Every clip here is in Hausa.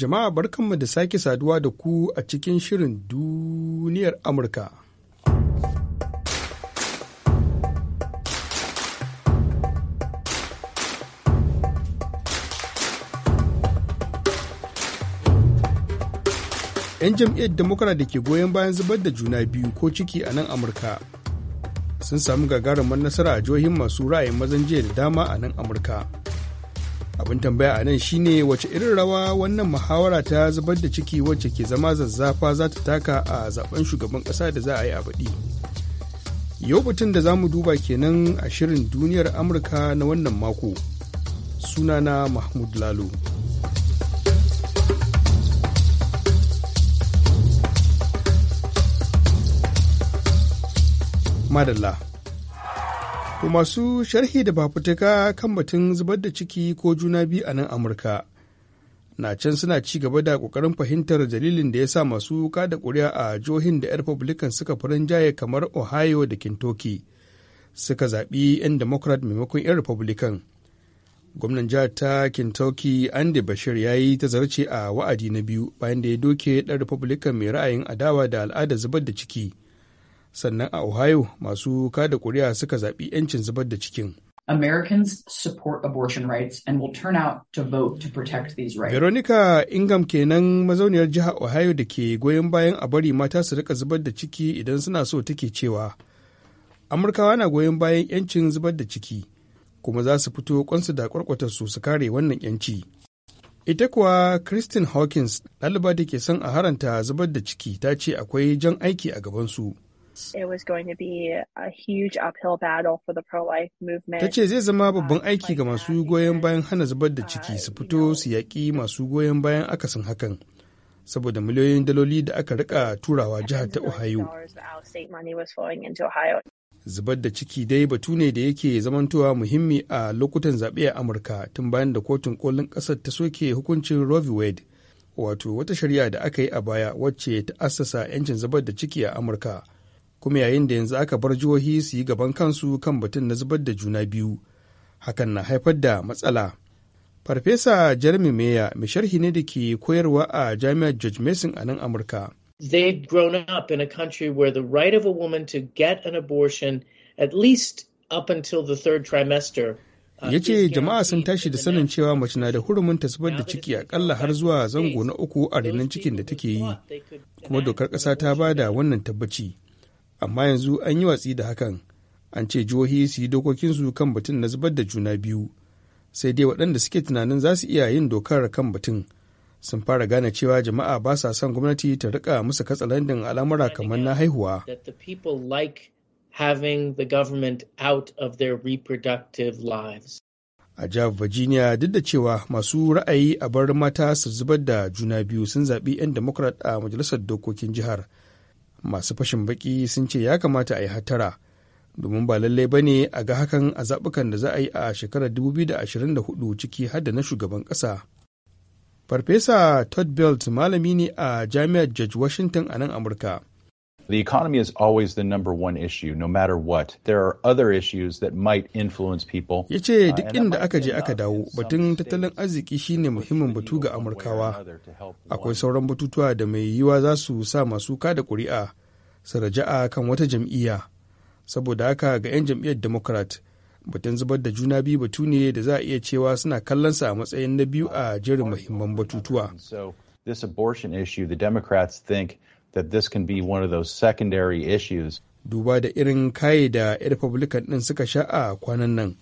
Jama'a barkanmu da sake saduwa da ku a cikin shirin duniyar Amurka. ‘Yan jam'iyyar Demokara da ke goyon bayan zubar da juna biyu ko ciki a nan Amurka sun samu gagarumar nasara a jihohin masu ra'ayin mazan jiya da dama a nan Amurka. abin tambaya a nan shine wace irin rawa wannan muhawara ta zubar da ciki wacce ke zama zazzafa za ta taka a zaben shugaban ƙasa da za a yi a baɗi yau batun da za mu duba kenan a shirin duniyar amurka na wannan mako sunana mahmud lalo madalla To masu sharhi da fafutuka kan batun zubar da ciki ko juna biyu a nan Amurka na can suna ci gaba da ƙoƙarin fahimtar dalilin da ya sa masu kada ƙuri'a a jihohin da 'yan Republican suka farin jaye kamar Ohio da Kentucky suka zaɓi 'yan Democrat maimakon 'yan Republican. Gwamnan jihar ta Kentucky Andy Bashir ya yi ta zarce a wa'adi na biyu bayan da ya doke ɗan Republican mai ra'ayin adawa da al'ada zubar da ciki. sannan a ohio masu kada kuri'a suka zaɓi 'yancin zubar da cikin Americans support abortion rights and will turn out to vote to protect these rights. Veronica Ingham kenan mazauniyar jihar Ohio da ke goyon bayan a bari mata su rika zubar da ciki idan suna so take cewa Amurkawa na goyon bayan 'yancin zubar da ciki kuma za su fito kwansu da kwarkwatar su su kare wannan 'yanci. Ita kuwa Christine Hawkins ɗaliba da ke son a haranta zubar da ciki ta ce akwai jan aiki a gabansu. su. it was going to be a huge uphill battle for the pro-life movement. Tace zai zama um, babban aiki ga masu goyon bayan hana zubar da uh, ciki su fito su yaƙi masu goyon bayan akasin hakan. Saboda miliyoyin daloli da aka rika turawa jihar ta Ohio. Zubar da ciki dai batu ne da yake zamantowa muhimmi a lokutan zaɓe a Amurka tun bayan da kotun kolin ƙasar ta soke hukuncin Roe v. Wade. wato wata shari'a da aka yi a baya wacce ta assasa 'yancin zubar da ciki a amurka kuma yayin da yanzu aka bar jihohi su yi gaban kansu kan batun na zubar da juna biyu hakan na haifar da matsala farfesa jeremy meya mai sharhi ne da ke koyarwa a jami'ar george mason a nan amurka they've grown in country where the right of to get an abortion at least the third trimester uh, ya ce jama'a sun tashi da sanin cewa mace na da hurumin ta zubar da ciki akalla har zuwa zango na uku a renon cikin da take yi kuma dokar ƙasa ta bada wannan tabbaci amma yanzu an yi watsi da hakan an ce jihohi su yi dokokinsu kan batun na zubar da juna biyu sai dai waɗanda suke tunanin za su iya yin dokar kan batun sun fara gane cewa jama'a ba sa son gwamnati ta rika musu katsalandin al'amura kamar na haihuwa a jihar virginia duk da cewa masu ra'ayi a bar mata su zubar da juna biyu sun zaɓi 'yan democrat a majalisar dokokin jihar masu fashin baki sun ce ya kamata a yi hattara domin ba lallai ba ne a ga hakan a zaɓukan da za a yi a shekarar 2024 ciki har da na shugaban ƙasa. Farfesa Todd Belt malami ne a Jami'ar George Washington a nan Amurka. The economy is always the number one issue, no matter what. There are other issues that might influence people. Ya ce uh, duk inda aka je aka dawo, batun tattalin arziki shine muhimmin batu ga Amurkawa. Akwai sauran batutuwa da mai yiwa za su sa masu kada ƙuri'a su raja'a kan wata jam'iyya. Saboda haka ga 'yan jam'iyyar Democrat, batun zubar da juna biyu batu ne da za a iya cewa suna kallonsa a matsayin na biyu a jerin muhimman batutuwa. This abortion issue, the Democrats think that this can be one of those secondary issues. Duba da irin kaye da 'yan Republican ɗin suka sha a kwanan nan.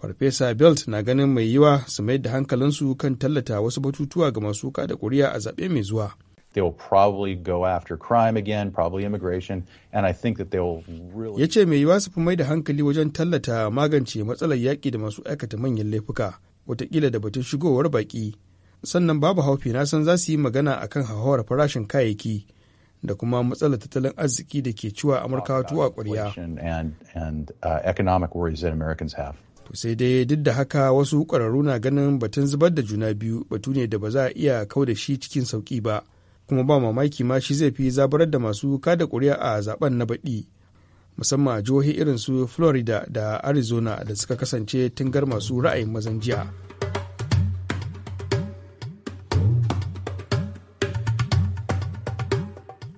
Farfesa Belt na ganin mai yiwa su mai da hankalinsu kan tallata wasu batutuwa ga masu kada ƙuri'a a zaɓe mai zuwa. They will probably go after crime again, probably immigration, and I think that they will really... Ya ce mai yiwa su fi mai da hankali wajen tallata magance matsalar yaƙi da masu aikata manyan laifuka, watakila da batun shigowar baƙi. Sannan babu haufi na san za su yi magana akan hauhawar farashin kayayyaki. da kuma matsalar tattalin arziki da ke ciwa amurkawa tuwa ƙwarya. Uh, to sai dai duk da haka wasu ƙwararru na ganin batun zubar da juna biyu batu ne da ba za a iya kau da shi cikin sauki ba, kuma ba mamaki ma shi zai fi zabarar da masu kada ƙuri'a a zaben na baɗi. Musamman a jihohi irin su Florida da Arizona da suka kasance tungar masu ra'ayin mazan jiya.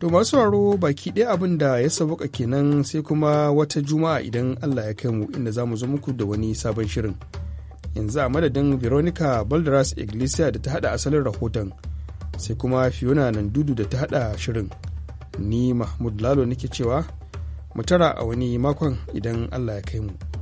To masu raro baki ɗaya abin da ya sauka kenan sai kuma wata juma'a idan Allah ya kai mu inda za mu zo muku da wani sabon shirin. Yanzu a madadin Veronica Balderas Iglesia da ta haɗa asalin rahoton sai kuma Fiona Nandudu da ta haɗa shirin. Ni Mahmud Lalo nake cewa mu tara a wani makon idan Allah ya kai mu.